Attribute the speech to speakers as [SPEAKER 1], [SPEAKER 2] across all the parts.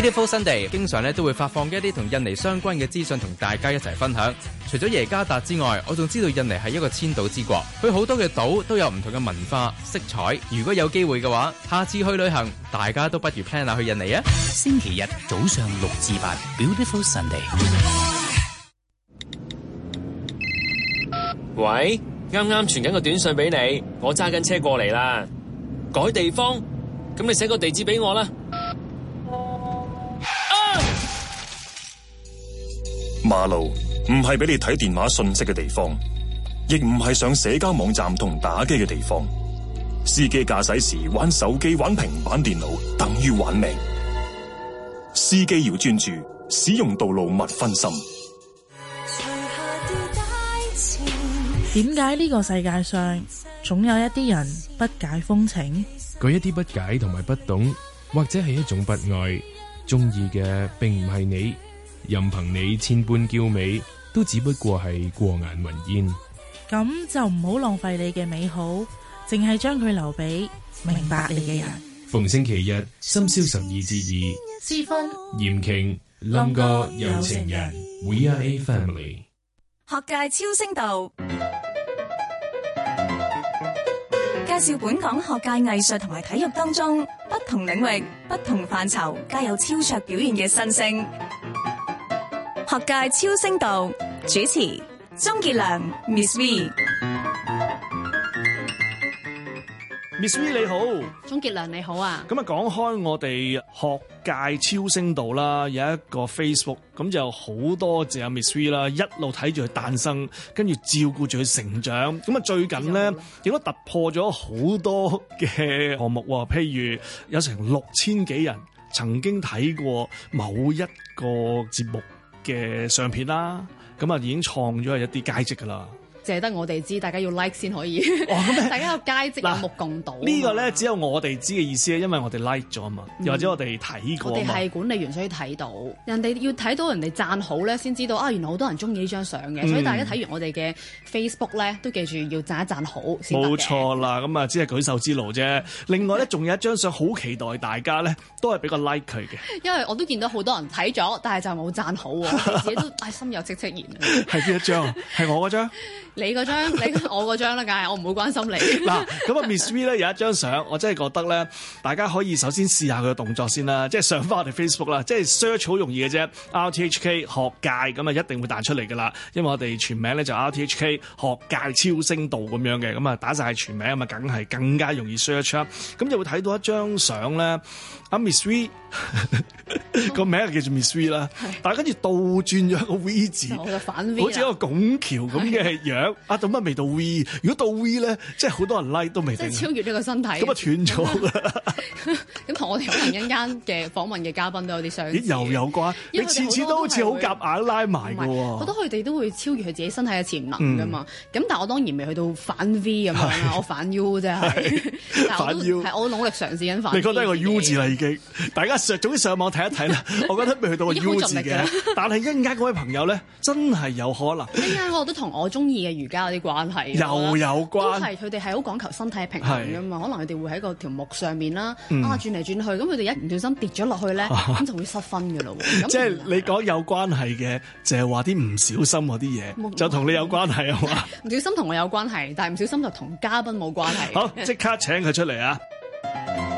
[SPEAKER 1] Beautiful Sunday 經常咧都會發放一啲同印尼相關嘅資訊同大家一齊分享。除咗耶加達之外，我仲知道印尼係一個千島之國，佢好多嘅島都有唔同嘅文化色彩。如果有機會嘅話，下次去旅行，大家都不如 plan 下去印尼啊！星期日早上六至八，Beautiful Sunday！喂，啱啱傳緊個短信俾你，我揸緊車過嚟啦，改地方，咁你寫個地址俾我啦。
[SPEAKER 2] 馬路唔係俾你睇電話信息嘅地方，亦唔係上社交網站同打機嘅地方。司機駕駛時玩手機、玩平板電腦，等於玩命。司機要專注，使用道路勿分心。
[SPEAKER 3] 點解呢個世界上總有一啲人不解風情？
[SPEAKER 2] 佢一啲不解
[SPEAKER 4] 同埋不懂，或者係一種不愛。中意嘅並唔係你。任憑你千般嬌美，都只不過係過眼雲煙。
[SPEAKER 3] 咁就唔好浪費你嘅美好，淨係將佢留俾明白你嘅人。人
[SPEAKER 4] 逢星期日，深宵十二至二，思婚嚴瓊林哥有情人，有情人，We Are A Family。
[SPEAKER 3] 學界超星導介紹本港學界、藝術同埋體育當中不同領域、不同範疇皆有超卓表現嘅新星。學界超聲道主持鐘杰良，Miss V，Miss V 你好，鐘杰良你好啊。
[SPEAKER 4] 咁啊，講開我哋學界超聲道啦，有一個 Facebook 咁就好多謝阿 Miss V 啦，一路睇住佢誕生，跟住照顧住佢成長。咁啊，最近咧亦、嗯、都突破咗好多嘅項目，譬如有成六千幾人曾經睇過某一個節目。嘅相片啦，咁啊已經創咗係一啲佳績噶啦。
[SPEAKER 3] 借得我哋知，大家要 like 先可以。大家個階級有目共睹。呢個
[SPEAKER 4] 咧只有我哋知嘅意思咧，因為我哋 like 咗啊嘛，又或者我哋睇過。我哋係
[SPEAKER 3] 管理員，所以睇到人哋要睇到人哋讚好咧，先知道啊！原來好多人鍾意呢張相嘅，所以大家睇完我哋嘅 Facebook 咧，都記住要讚一讚好先得嘅。冇錯
[SPEAKER 4] 啦，咁啊，只係舉手之勞啫。另外咧，仲有一張相好期待大家咧，都係畀個 like 佢嘅。
[SPEAKER 3] 因為我都見到好多人睇咗，但係就冇讚好，自己都唉心有戚戚焉。
[SPEAKER 4] 係邊一張？係我嗰張。
[SPEAKER 3] 你嗰張，你我嗰張啦，
[SPEAKER 4] 梗係 我唔會關心你。嗱，咁啊 Miss V 咧有一張相，我真係覺得咧，大家可以首先試下佢嘅動作先啦，即係上翻我哋 Facebook 啦，即係 search 好容易嘅啫。RTHK 學界咁啊，一定會彈出嚟㗎啦，因為我哋全名咧就 RTHK 學界超聲道咁樣嘅，咁啊打晒全名啊嘛，梗係更加容易 search 啦。咁就會睇到一張相咧，啊 Miss V 個、 oh. 名係叫做 Miss V 啦，是但係跟住倒轉咗一個 V 字，v 好似一個拱橋咁嘅樣，樣、啊。啊，到乜未到 V？如果到 V 咧，即係好多人 like 都未，即係超越
[SPEAKER 3] 咗個身體，咁啊斷
[SPEAKER 4] 咗啦。
[SPEAKER 3] 咁同我哋啲人一間嘅訪問嘅嘉賓都有啲相似，又
[SPEAKER 4] 有關，你次次都好似好夾硬拉埋嘅喎。覺得
[SPEAKER 3] 佢哋都會超越佢自己身體嘅潛能噶嘛。咁但係我當然未去到反 V 咁樣啦，我反 U 啫。反 U 係我努力嘗試緊反。你覺得係個 U 字
[SPEAKER 4] 啦已經？大家上總之上網睇一睇啦。我覺得未去到個 U 字嘅，但係一陣間嗰位朋友咧真係有可能。
[SPEAKER 3] 一間我都同我中意嘅。瑜伽啲關係又有關，都係佢哋係好講求身體平衡噶嘛，是可能佢哋會喺個條木上面啦，嗯、啊轉嚟轉去，咁佢哋一唔小心跌咗落去咧，咁 就會失分噶咯。 即
[SPEAKER 4] 係你講有關係嘅，就係話啲唔小心嗰啲嘢，就同你有關係啊嘛。
[SPEAKER 3] 唔小心同我有關係，但係唔小心就同嘉賓冇關係。好，即
[SPEAKER 4] 刻請佢出嚟啊！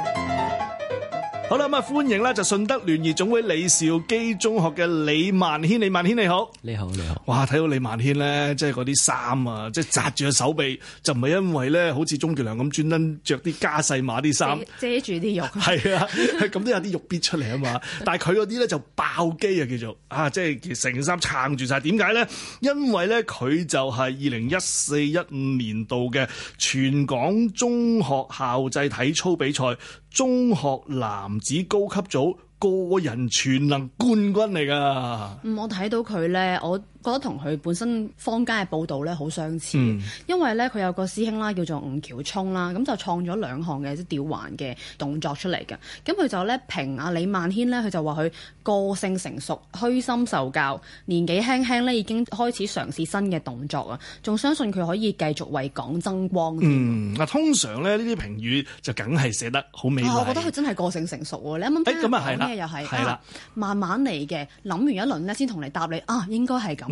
[SPEAKER 4] 好啦，咁啊，歡迎啦！就順德聯誼總會李兆基中學嘅李萬軒，李萬軒你好，
[SPEAKER 1] 你好，你
[SPEAKER 4] 好，你好。哇，睇到李萬軒咧，即係嗰啲衫啊，即係紮住個手臂，就唔係因為咧，好似鍾傑良咁專登着啲加細碼啲衫，
[SPEAKER 3] 遮住啲肉。係啊，
[SPEAKER 4] 咁都有啲肉咇出嚟啊嘛。 但係佢嗰啲咧就爆肌啊，叫做啊，即係成件衫撐住晒。點解咧？因為咧，佢就係二零一四一五年度嘅全港中學校際體操比賽。中學男子高級組個人全能冠軍嚟噶，
[SPEAKER 3] 嗯，我睇到佢咧，我覺得同佢本身坊間嘅報導咧好相似，嗯、因為咧佢有個師兄啦，叫做吳橋聰啦，咁就創咗兩項嘅吊環嘅動作出嚟嘅。咁佢就咧評阿李萬軒咧，佢就話佢個性成熟、虛心受教、年紀輕輕咧已經開始嘗試新嘅動作啊，仲相信佢可以繼續為港增光。
[SPEAKER 4] 嗯，嗱、啊、通常咧呢啲評語就梗係寫得好明顯。我覺得佢
[SPEAKER 3] 真係個性成熟喎，你想想一咁佢講咩又係，係啦、欸，慢慢嚟嘅，諗完一輪咧先同你答你，啊應該係咁。嗯、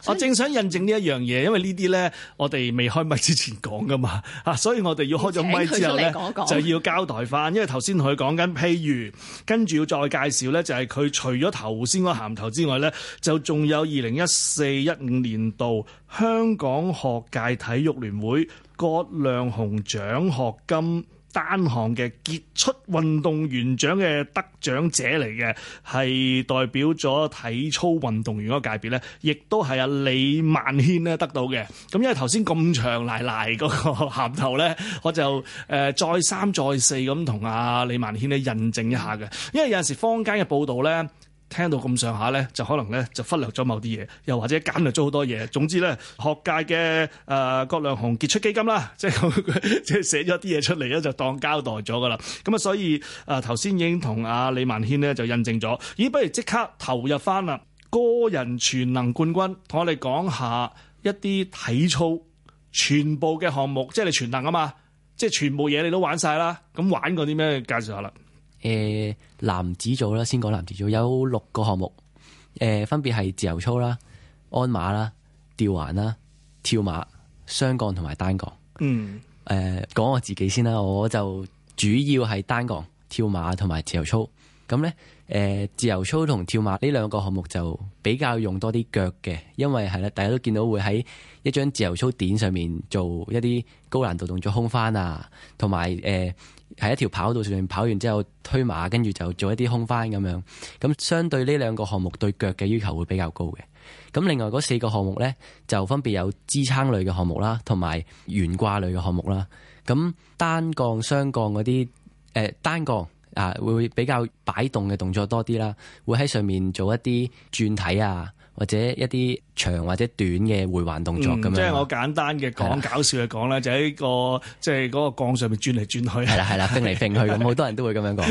[SPEAKER 3] 所以我正
[SPEAKER 4] 想印證呢一樣嘢，因為呢啲呢，我哋未開麥之前講噶嘛，吓，所以我哋要開咗麥之後呢，說說就要交代翻，因為頭先佢講緊，譬如跟住要再介紹呢，就係佢除咗頭先嗰個銜頭之外呢，就仲有二零一四一五年度香港學界體育聯會葛亮雄獎學金。單項嘅傑出運動員獎嘅得獎者嚟嘅，係代表咗體操運動員嗰個界別咧，亦都係阿李萬軒咧得到嘅。咁因為奶奶頭先咁長賴賴嗰個銜頭咧，我就誒再三再四咁同阿李萬軒咧印證一下嘅，因為有陣時坊間嘅報道咧。聽到咁上下咧，就可能咧就忽略咗某啲嘢，又或者簡略咗好多嘢。總之咧，學界嘅誒、呃、郭亮雄傑出基金啦，即係即係寫咗啲嘢出嚟咧，就當交代咗噶啦。咁啊，所以誒頭先已經同阿李萬軒咧就印證咗。咦，不如即刻投入翻啦！個人全能冠軍，同我哋講下一啲體操全部嘅項目，即係你全能啊嘛，即係全部嘢你都玩晒啦。咁玩過啲咩？介紹下啦。
[SPEAKER 1] 誒、呃，男子組啦，先講男子組有六個項目，誒、呃，分別係自由操啦、鞍馬啦、吊環啦、跳馬、雙槓同埋單槓。嗯，誒、呃，講我自己先啦，我就主要係單槓、跳馬同埋自由操。咁咧，誒自由操同跳馬呢兩個項目就比較用多啲腳嘅，因為係啦，大家都見到會喺一張自由操墊上面做一啲高難度動作，空翻啊，同埋誒喺一條跑道上面跑完之後推馬，跟住就做一啲空翻咁樣。咁相對呢兩個項目對腳嘅要求會比較高嘅。咁另外嗰四個項目咧，就分別有支撐類嘅項目啦，同埋懸掛類嘅項目啦。咁單槓、雙槓嗰啲誒單槓。啊，會比較擺動嘅動作多啲啦，會喺上面做一啲轉體啊，或者一啲。長或者短嘅回環動作咁樣，即係我
[SPEAKER 4] 簡單嘅講，搞笑嘅講啦，就喺個即係嗰個槓上
[SPEAKER 1] 面轉嚟轉去，係啦係啦，揈嚟揈去咁，好多人都會咁樣講。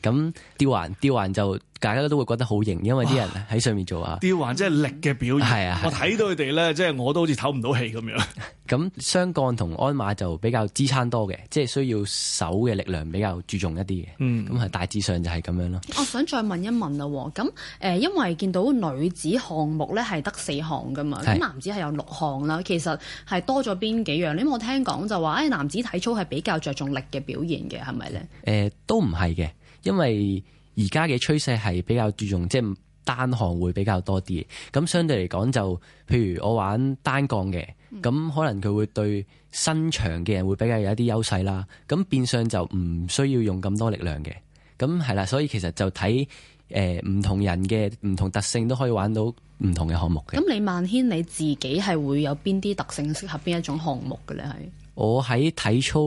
[SPEAKER 1] 咁吊環吊環就大家都會覺得好型，因為啲人喺上面做啊。吊環即係力嘅表現，係啊，我睇到
[SPEAKER 4] 佢哋咧，即係我都好似唞唔到氣咁樣。
[SPEAKER 1] 咁雙槓同鞍馬就比較支撐多嘅，即係需要手嘅力量比較注重一啲嘅。咁係大致上就係咁樣咯。
[SPEAKER 3] 我想再問一問啦，咁誒，因為見到女子項目咧係。得四項㗎嘛？咁是男子係有六項啦。其實係多咗邊幾樣？你冇我聽講就話，誒、哎，男子體操係比較着重力嘅表現嘅，係咪咧？
[SPEAKER 1] 誒、呃，都唔係嘅，因為而家嘅趨勢係比較注重即係單項會比較多啲。咁相對嚟講就，譬如我玩單槓嘅，咁可能佢會對身長嘅人會比較有一啲優勢啦。咁變相就唔需要用咁多力量嘅。咁係啦，所以其實就睇。誒，唔、呃、同人嘅唔同特性都可以玩到唔同嘅項目嘅。
[SPEAKER 3] 咁李萬軒你自己係會有邊啲特性適合邊一種項目嘅咧？係
[SPEAKER 1] 我喺體操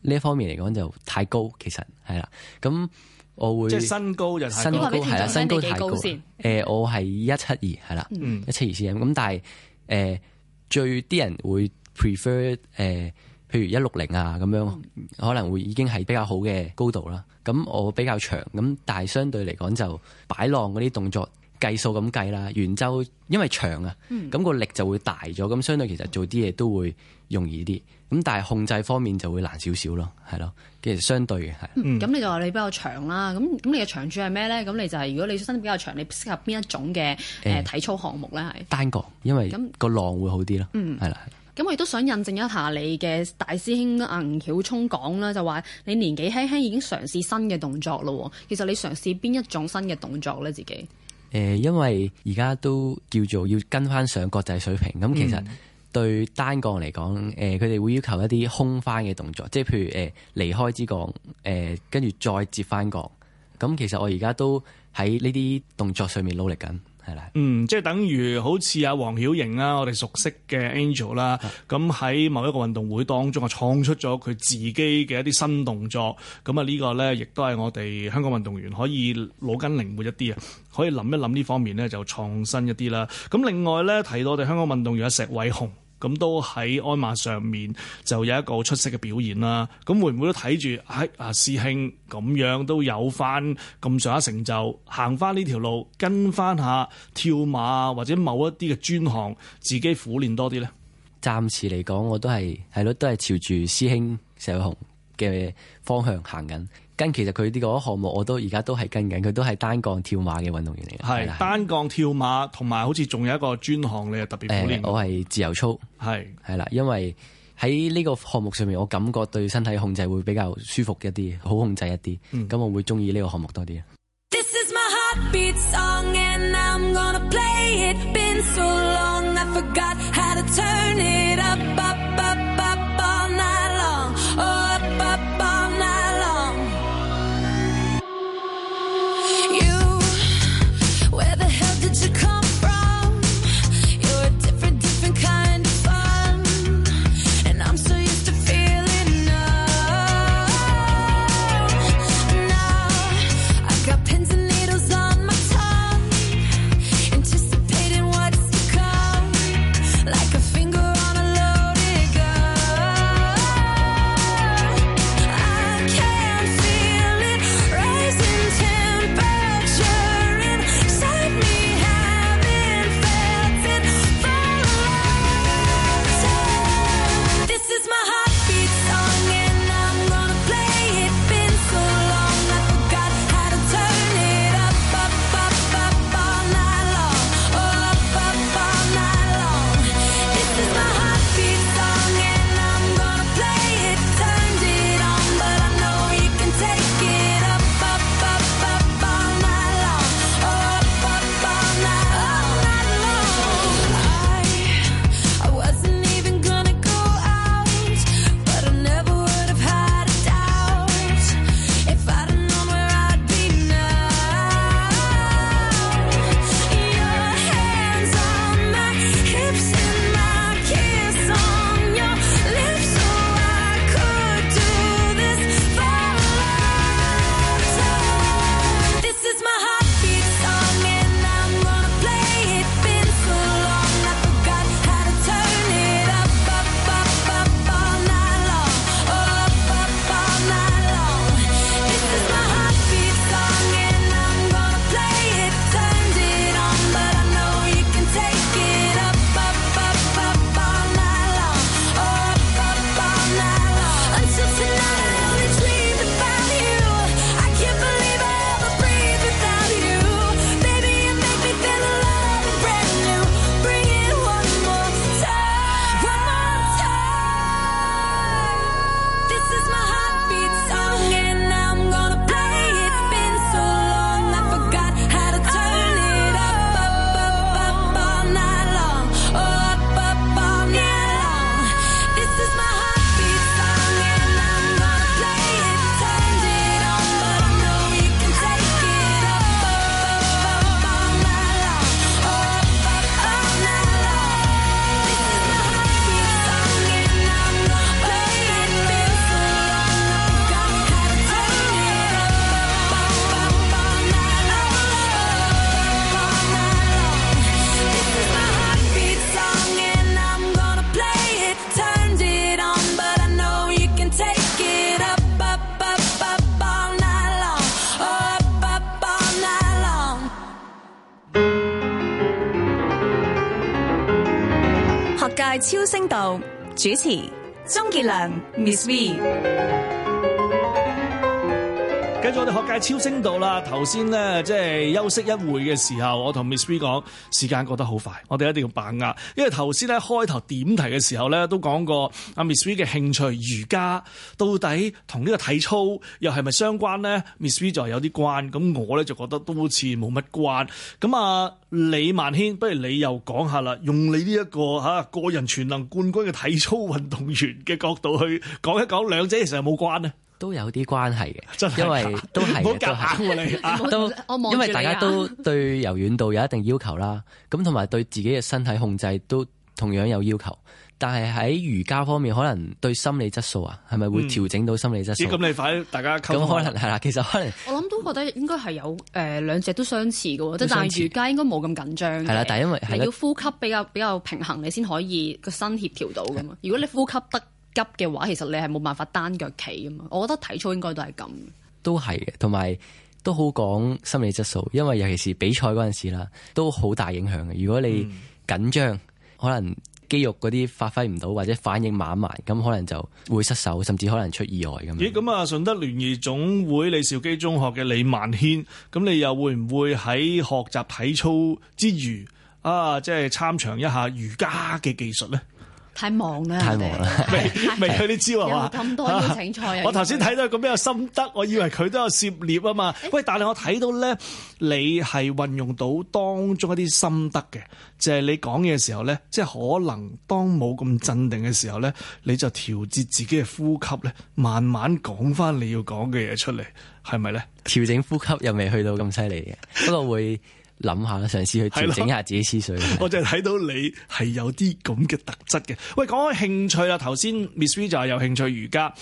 [SPEAKER 1] 呢方面嚟講就太高，其實係啦。咁我會即係身高就太高係啦，身高太高。誒、呃，我係一七二係啦，一七二 cm。咁但係誒、呃，最啲人會 prefer 誒、呃。譬如一六零啊咁樣，嗯、可能會已經係比較好嘅高度啦。咁我比較長，咁但係相對嚟講就擺浪嗰啲動作計數咁計啦。圓周因為長啊，咁個、嗯、力就會大咗，咁相對其實做啲嘢都會容易啲。咁但係控制方面就會難少少咯，係咯，其實相對嘅係。
[SPEAKER 3] 咁、嗯嗯、你就話你比較長啦，咁咁你嘅長處係咩咧？咁你就係、是、如果你身體比較長，你適合邊一種嘅誒、呃呃、體操項目咧？係
[SPEAKER 1] 單槓，因為咁、嗯嗯、個浪會好啲咯，係啦，係啦、嗯。
[SPEAKER 3] 咁我亦都想印證一下你嘅大師兄阿吳曉聰講啦，就話你年紀輕輕已經嘗試新嘅動作咯。其實你嘗試邊一種新嘅動作咧？自己
[SPEAKER 1] 誒，因為而家都叫做要跟翻上國際水平。咁其實對單槓嚟講，誒佢哋會要求一啲空翻嘅動作，即係譬如誒、呃、離開之槓，誒跟住再接翻槓。咁其實我而家都喺呢啲動作上面努力緊。嗯，即
[SPEAKER 4] 係等於好似阿黃曉盈啦，我哋熟悉嘅 Angel 啦的，咁喺某一個運動會當中啊，創出咗佢自己嘅一啲新動作，咁啊呢個咧，亦都係我哋香港運動員可以腦筋靈活一啲啊，可以諗一諗呢方面咧就創新一啲啦。咁另外咧，提到我哋香港運動員阿石偉雄。咁都喺鞍馬上面就有一個出色嘅表現啦。咁會唔會都睇住喺啊師兄咁樣都有翻咁上下成就，行翻呢條路，跟翻下跳馬或者某一啲嘅專項，自
[SPEAKER 1] 己苦練多啲呢？暫時嚟講，我都係係咯，都係朝住師兄謝偉雄嘅方向行緊。跟其實佢呢個項目，我都而家都係跟緊，佢都係單槓跳馬嘅運動員嚟嘅。係是
[SPEAKER 4] 的單槓跳馬，同埋好似仲有一個專項，你係特別鍛、呃、
[SPEAKER 1] 我係自由操。係係啦，因為喺呢個項目上面，我感覺對身體控制會比較舒服一啲，好控制一啲。咁、嗯、我會中意呢個項目多啲。
[SPEAKER 3] 主持鍾傑良 Miss V。
[SPEAKER 4] 喺我哋學界超聲度啦，頭先咧即係休息一會嘅時候，我同 Ms V 講，時間過得好快，我哋一定要把握。因為頭先咧開頭點題嘅時候咧都講過，啊，阿 Ms V 嘅興趣瑜伽到底同呢個體操又係咪相關咧？Ms V 就有啲關，咁我咧就覺得都好似冇乜關。咁啊，李萬軒，不如你又講下啦，用你呢、這、一個吓、啊、個人全能冠軍嘅體操運動員嘅角度去講一講，兩者其實有冇
[SPEAKER 1] 關咧？都有啲關係嘅，真係因為都係，
[SPEAKER 3] 都、啊啊、因為大家都
[SPEAKER 1] 對柔軟度有一定要求啦，咁同埋對自己嘅身體控制都同樣有要求。但係喺瑜伽方面，可能對心理質素啊，係咪會調整到心理質素？咁、嗯嗯、你快大家溝通，可能係啦。其實可能
[SPEAKER 3] 我諗都覺得應該係有誒、呃、兩隻都相似㗎，即但係瑜伽應該冇咁緊張。係啦，但係因為係的要呼吸比較比較平衡，你先可以個身協調到㗎嘛。的如果你呼吸得，得，急嘅話，其實你係冇辦法單腳企啊！我覺得體操應該都係咁，
[SPEAKER 1] 都係嘅，同埋都好講心理質素，因為尤其是比賽嗰陣時啦，都好大影響嘅。如果你緊張，嗯、可能肌肉嗰啲發揮唔到，或者反應慢埋，咁可能就會失手，甚至可能出意外咁、嗯、
[SPEAKER 4] 樣。咦？咁啊，順德聯誼總會李兆基中學嘅李萬軒，咁你又會唔會喺學習體操之餘啊，即係參詳一下瑜伽嘅技術呢？太忙啦，們太忙啦未太未去啲招啊嘛！咁太吧多邀請賽，吧我頭先睇到咁有心得， 我以為佢都有涉獵啊嘛。欸、喂，但係我睇到咧，你係運用到當中一啲心得嘅，就係、是、你講嘢時候咧，即係可能當冇咁鎮定嘅時候咧，你就調節自己嘅呼吸咧，慢
[SPEAKER 1] 慢講翻你要講嘅嘢出嚟，係咪咧？調整呼吸又未去到咁犀利嘅，不過會。諗下啦，嘗試去調整下自己思緒。 我淨係睇到你係有
[SPEAKER 4] 啲咁嘅特質嘅。喂，講開興趣啦，頭先 Miss V 就係有興趣瑜伽，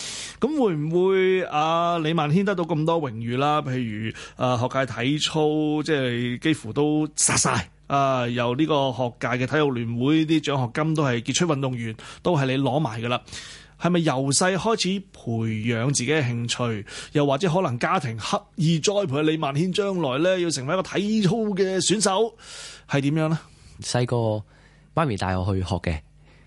[SPEAKER 4] 咁會唔會啊？李萬軒得到咁多榮譽啦，譬如誒、啊、學界體操，即係幾乎都殺晒啊！由呢個學界嘅體育聯會啲獎學金都係傑出運動員，都係你攞埋噶啦。係咪由細開始培養自己嘅興趣，又或者可能家庭刻意栽培李萬軒將來咧要成為一
[SPEAKER 1] 個體操嘅選手，係點樣咧？細個媽咪帶我去學嘅，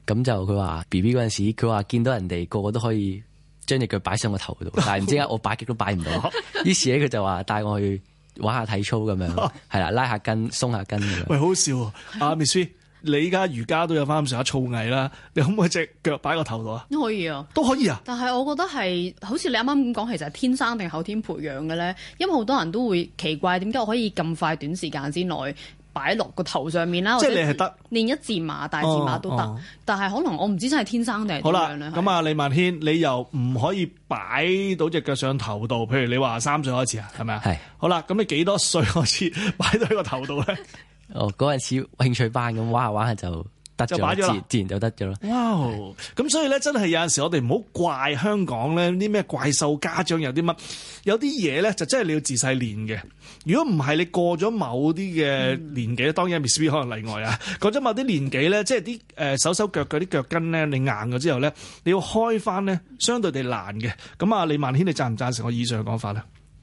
[SPEAKER 1] 咁就佢話 B B 嗰陣時，佢話見到人哋個個都可以將隻腳擺上個頭度，但係唔知我擺極都擺唔到，於 是咧佢就話帶我去玩下體操咁 樣，係啦，拉下筋，鬆下筋咁樣。喂，好笑啊，阿 Miss。 uh, 你而家瑜伽都有翻
[SPEAKER 4] 咁上下造詣啦，你可唔可以隻腳擺個頭度啊？
[SPEAKER 3] 都可以啊，都可以啊。但係我覺得係，好似你啱啱咁講，其實係天生定後天培養嘅咧？因為好多人都會奇怪，點解我可以咁快短時間之內擺落個頭上面啦？即係你係得練一字馬、大字馬都得，哦哦，但係可能我唔知真係天生定係好啦。咁啊，
[SPEAKER 4] 李萬軒，你又唔可以擺到隻腳上頭度？譬如你話三歲開始啊，係咪啊？係是。好啦，咁你幾多歲開始擺到喺個頭度咧？
[SPEAKER 1] 哦，嗰陣時興趣班咁玩下玩下就得咗，自自然就得咗咯。
[SPEAKER 4] 哇 Wow, 是！咁所以咧，真係有陣時我哋唔好怪香港咧，啲咩怪獸家長有啲乜，有啲嘢咧就真係你要自細練嘅。如果唔係，你過咗某啲嘅年紀，嗯、當然 Miss V 可能例外啊。過咗某啲年紀咧，即係啲誒手手腳腳啲腳筋咧，你硬咗之後咧，你要開翻咧，相對地難嘅。咁啊，李萬軒你贊唔贊成我以上嘅講法咧？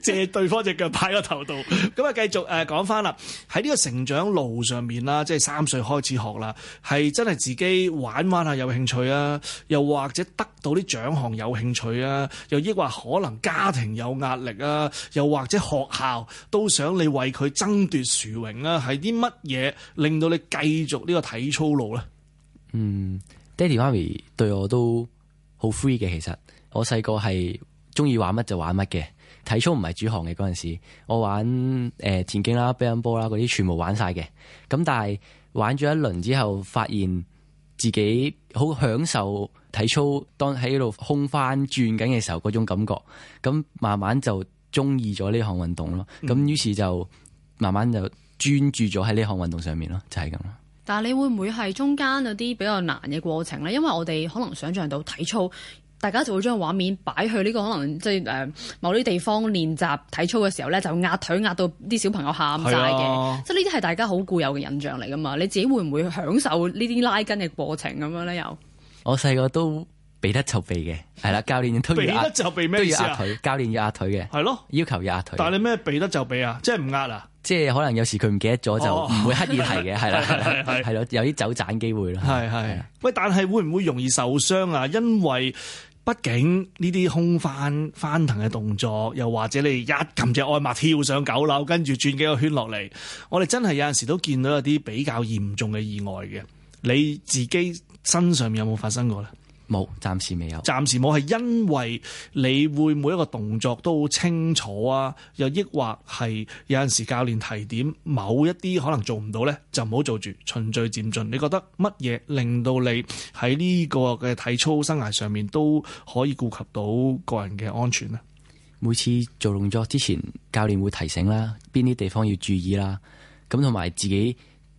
[SPEAKER 4] 借對方隻腳擺喺個頭度咁啊， 繼續誒講返啦。喺呢個成長路上面啦，即係三歲開始學啦，係真係自己玩玩啊，有興趣啊，又或者得到啲獎項有興趣啊，又抑或可能家庭有壓力啊，又或者學校都想你為佢爭奪殊榮啊，係啲乜嘢令到你繼續呢個體操路咧？嗯，
[SPEAKER 1] 爹哋媽咪對我都好 free 嘅。其實我細個係鍾意玩乜就玩乜嘅。體操唔係主項嘅嗰陣時，我玩誒、呃、田徑啦、乒乓波啦嗰啲，全部玩晒嘅。咁但係玩咗一輪之後，發現自己好享受體操，當喺度空翻轉緊嘅時候嗰種感覺。咁慢慢就中意咗呢項運動咯。咁於是就慢慢就專注咗喺呢項運動上面咯，就係咁咯。嗯、
[SPEAKER 3] 但係你會唔會係中間有啲比較難嘅過程咧？因為我哋可能想像到體操。大家就會將畫面擺去呢個可能即係誒某啲地方練習體操嘅時候咧，就壓腿壓到啲小朋友喊晒嘅，是啊、即係呢啲係大家好固有嘅印象嚟噶嘛？你自己會唔會享受呢啲拉筋嘅過程咁樣咧？又
[SPEAKER 1] 我細個都避得就避嘅，係啦，教練要推，避得就避咩都要壓腿，教練要壓腿嘅，係咯的，要求要壓腿。但係你咩避得就避啊？即係唔壓啊？即係可能有時佢唔記得咗就唔會刻意係嘅，係啦、哦的，係係咯， 有啲走盞機會咯。係係。
[SPEAKER 4] 喂的，的但係會唔會容易受傷啊？因為畢竟呢啲空翻翻騰嘅動作，又或者你一撳隻愛馬跳上九樓，跟住轉幾個圈落嚟，我哋真係有陣時都見到一啲比較嚴重嘅意外嘅。你自己身上面有冇發生過咧？冇，暫時未有。暫時冇，係因為你會每一個動作都好清楚啊，又抑或係有陣時教練提點某一啲可能做唔到呢，就唔好做住循序漸進。你覺得乜嘢令到你喺呢個嘅體操生涯上面都可以顧及到個人嘅安全啊？
[SPEAKER 1] 每次做動作之前，教練會提醒啦，邊啲地方要注意啦，咁同埋自己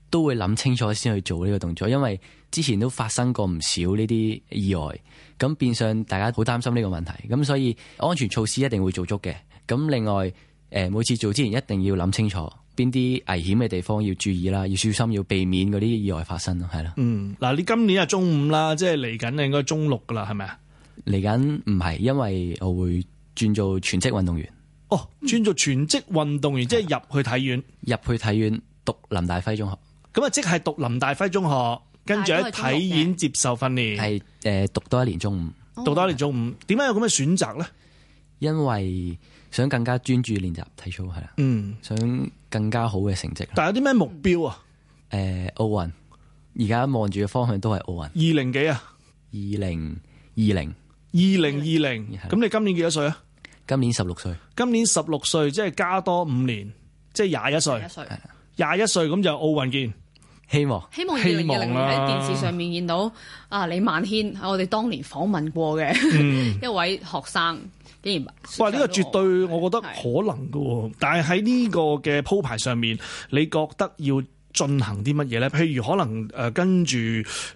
[SPEAKER 1] 都會諗清楚先去做呢個動作，因為。之前都發生過唔少呢啲意外，咁變相大家好擔心呢個問題，咁所以安全措施一定會做足嘅。咁另外，誒每次做之前一定要諗清楚邊啲危險嘅地方要注意啦，要小心，要避免嗰啲意外發生咯，係啦。嗯，嗱，你今年啊，中五啦，即係嚟緊，應該中六噶啦，係咪啊？嚟緊唔係，因為我會轉做全職運動員。
[SPEAKER 4] 哦，轉做全職運動員，嗯，即係入去體院，入去體院讀林大輝中學。咁啊，即係讀林大輝中學。跟住喺體演接受訓
[SPEAKER 1] 練，係誒讀多一年中五，讀多一年中五，點解有咁嘅選擇咧？因為想更加專注練習體操，係啊，嗯，想更加好嘅成績。但係有啲咩目標啊？誒，奧運，而家望住嘅方向都係奧運。
[SPEAKER 4] 二零幾啊？二零二零，二零二零。咁你今年幾多歲啊？今年十六歲。今年十六歲，即係加多五年，即係廿一歲。廿一歲，廿一歲，咁就奧運見。希望希望二零二零年喺電視上
[SPEAKER 3] 面見到啊李萬軒，我哋當年訪問過嘅、嗯、 一位學生，竟然哇！呢、這個
[SPEAKER 4] 絕對我覺得可能噶，的但係喺呢個嘅鋪排上面，你覺得要進行啲乜嘢咧？譬如可能誒、呃，跟住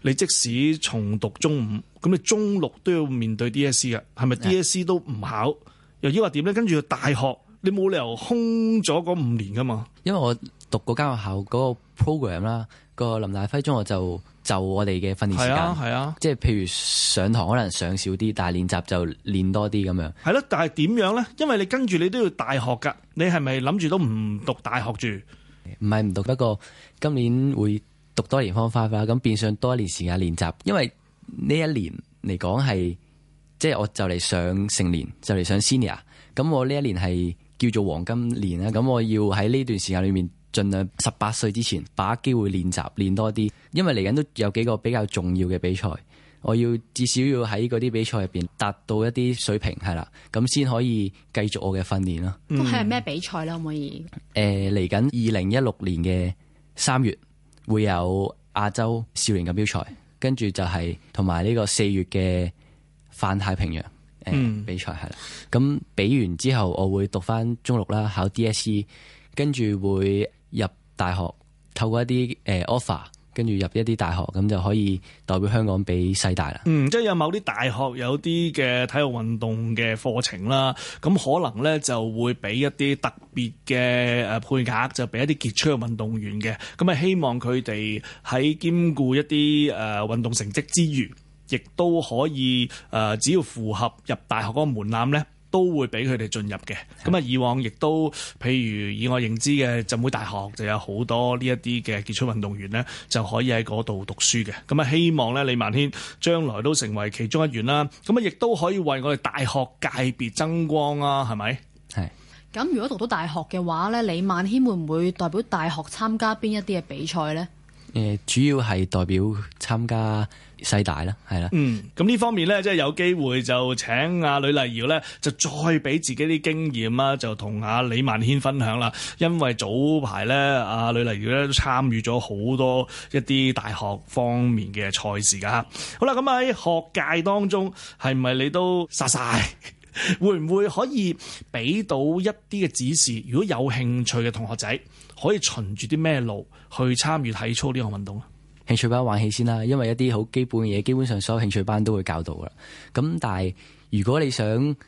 [SPEAKER 4] 你即使重讀中五，咁你中六都要面對 D S C 嘅，係咪 D S C 都唔考？的又
[SPEAKER 1] 抑或點咧？跟住大學你冇理由空咗嗰五年噶嘛？因為我讀嗰間學校嗰、那個。program 啦，個林大輝中學就就我哋嘅訓練時間，係啊，啊即係譬如上堂可能上少啲，但係練習就練多啲咁樣，係咯，但係點樣咧？
[SPEAKER 4] 因為你跟住你都要大學噶，你係咪諗住都唔讀大學住？
[SPEAKER 1] 唔係唔讀，不過今年會讀多一年 Form 5咁變相多一年時間練習，因為呢一年嚟講係，即係我就嚟上成年，就嚟上 senior，咁我呢一年係叫做黃金年啦，咁我要喺呢段時間裏面。儘量十八歲之前，把握機會練習練多啲，因為嚟緊都有幾個比較重要嘅比賽，我要至少要喺嗰啲比賽入邊達到一啲水平，係啦，咁先可以繼續我嘅訓練咯。都係
[SPEAKER 3] 咩比賽啦？可唔可以？
[SPEAKER 1] 誒，嚟緊二零一六年嘅三月會有亞洲少年錦標賽，跟住就係同埋呢個四月嘅泛太平洋誒、呃、比賽係啦。咁、嗯、比完之後，我會讀返中六啦，考 DSE，跟住會，入大學透過一啲誒 offer，跟住入一啲大學咁就可以代表香港俾世大啦。嗯，
[SPEAKER 4] 即係有某啲大學有啲嘅體育運動嘅課程啦，咁可能呢就會俾一啲特別嘅誒配額，就俾一啲傑出嘅運動員嘅。咁啊，希望佢哋喺兼顧一啲誒運動成績之餘，亦都可以誒，只要符合入大學嗰個門檻咧。都會俾佢哋進入嘅，咁啊以往亦都，譬如以我認知嘅浸會大學就有好多呢一啲嘅傑出運動員呢，就可以喺嗰度讀書嘅，咁啊希望呢，李萬軒將來都成為其中一員啦，咁啊亦都可以為我哋大學界別爭光啊，
[SPEAKER 1] 係咪？係是。
[SPEAKER 3] 咁如果讀到大學嘅話呢，李萬軒會唔會代表大學參加邊一啲嘅比賽呢？
[SPEAKER 1] 誒，主要係代表參加世大啦，係
[SPEAKER 3] 啦。
[SPEAKER 5] 嗯，
[SPEAKER 4] 咁呢方面咧，即係有機會就請阿呂麗瑤咧，就再俾自己啲經驗啦、啊，就同阿、啊、李萬軒分享啦。因為早排咧，阿呂麗瑤咧都參與咗好多一啲大學方面嘅賽事噶。好啦，咁喺學界當中，係咪你都殺晒？ 會唔會可以俾到一啲嘅指示？如果有興趣嘅同學仔，可以循住啲咩路去參與體操呢項運動？
[SPEAKER 1] 興趣班玩起先啦，因為一啲好基本嘅嘢，基本上所有興趣班都會教到噶啦。咁但係如果你想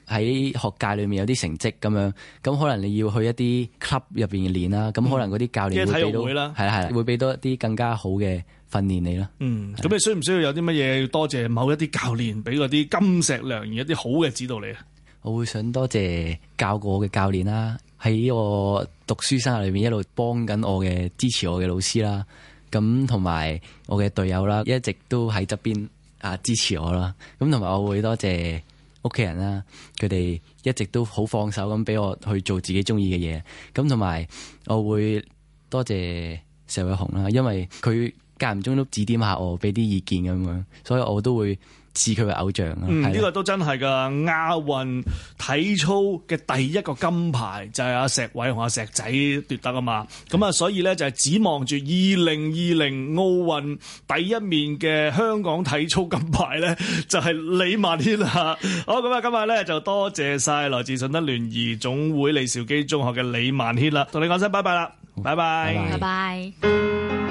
[SPEAKER 1] 喺學界裏面有啲成績咁樣，咁可能你要去一啲 club 入邊練啦。咁可能嗰啲教練會俾到係啦係啦，嗯、會俾到一啲更加好嘅訓練你啦。
[SPEAKER 4] 嗯，咁的你需唔需要有啲乜嘢？要多謝某一啲教練俾嗰啲金石良言，一啲好嘅指導你啊？
[SPEAKER 1] 我會想多謝教過我嘅教練啦，喺呢個讀書生涯裏面一路幫緊我嘅支持我嘅老師啦，咁同埋我嘅隊友啦，一直都喺側邊啊支持我啦，咁同埋我會多謝屋企人啦，佢哋一直都好放手咁俾我去做自己中意嘅嘢，咁同埋我會多謝石偉雄啦，因為佢。間唔中都指點下我，俾啲意見咁樣，所以我都會視佢為偶像。嗯，呢個
[SPEAKER 4] 都真係噶，亞運體操嘅第一個金牌就係阿石偉同阿石仔奪得啊嘛。咁啊，所以咧就係指望住二零二零奧運第一面嘅香港體操金牌咧，就係李萬軒啦。好，咁啊，今日咧就多謝晒來自順德聯誼總會李兆基中學嘅李萬軒啦。同你講聲拜拜啦，拜拜，拜
[SPEAKER 5] 拜。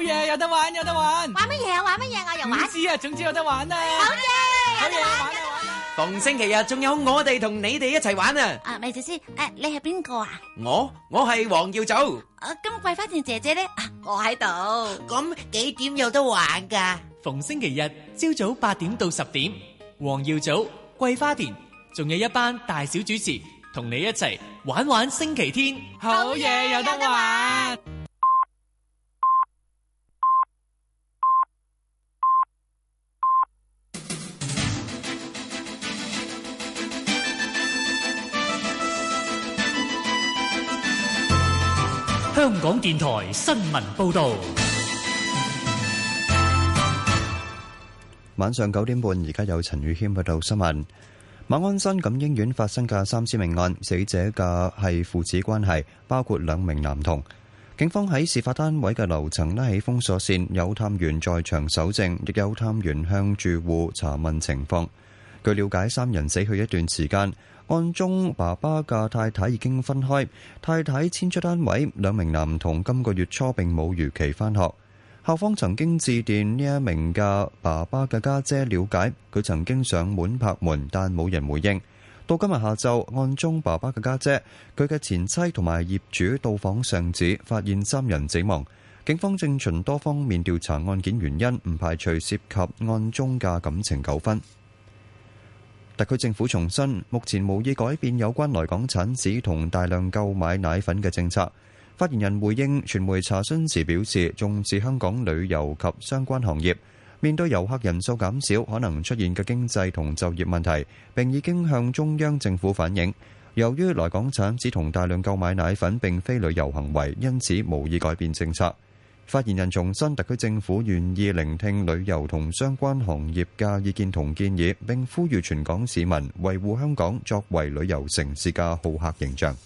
[SPEAKER 1] 好嘢，有得玩有得玩！玩乜嘢啊？玩乜嘢啊？又唔知啊，總之有得玩啦！好嘢，好嘢，逢星期日仲有我哋同你哋一齊玩啊！
[SPEAKER 3] 啊，米小姐，誒，你係邊個啊？
[SPEAKER 1] 我，我係黃耀祖。
[SPEAKER 3] 啊，金桂花田姐姐咧，我喺度。咁幾點有得玩噶？
[SPEAKER 1] 逢星期日朝早八點到十點，黃耀祖、桂花田，仲有一班大小主持同你一齊玩玩星期天。好嘢，有得玩。香港電台新聞報道，
[SPEAKER 2] 晚上九點半，而家有陳宇謙報道新聞。馬鞍山錦英苑發生嘅三屍命案，死者嘅係父子關係，包括兩名男童。警方喺事發單位嘅樓層拉起封鎖線，有探員在場搜證，亦有探員向住戶查問情況。據了解，三人死去一段時間。案中爸爸嘅太太已經分開，太太遷出單位。兩名男童今個月初並冇如期翻學。校方曾經致電呢一名嘅爸爸嘅家姐了解，佢曾經上門拍門，但冇人回應。到今日下晝，案中爸爸嘅家姐、佢嘅前妻同埋業主到訪上址，發現三人死亡。警方正循多方面調查案件原因，唔排除涉及案中嘅感情糾紛。特區政府重申，目前無意改變有關來港產子同大量購買奶粉嘅政策。發言人回應傳媒查詢時表示，重視香港旅遊及相關行業，面對遊客人數減少可能出現嘅經濟同就業問題，並已經向中央政府反映。由於來港產子同大量購買奶粉並非旅遊行為，因此無意改變政策。發言人重申，特區政府願意聆聽旅遊同相關行業嘅意見同建議，並呼籲全港市民維護香港作為旅遊城市嘅好客形象。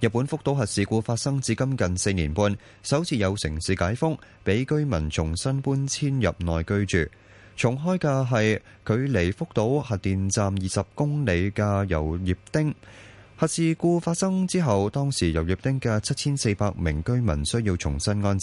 [SPEAKER 2] 日本福島核事故發生至今近四年半，首次有城市解封，俾居民重新搬遷入內居住。重開嘅係距離福島核電站二十公里嘅楢葉町。核事故發生之後，當時楢葉町嘅七千四百名居民需要重新安置。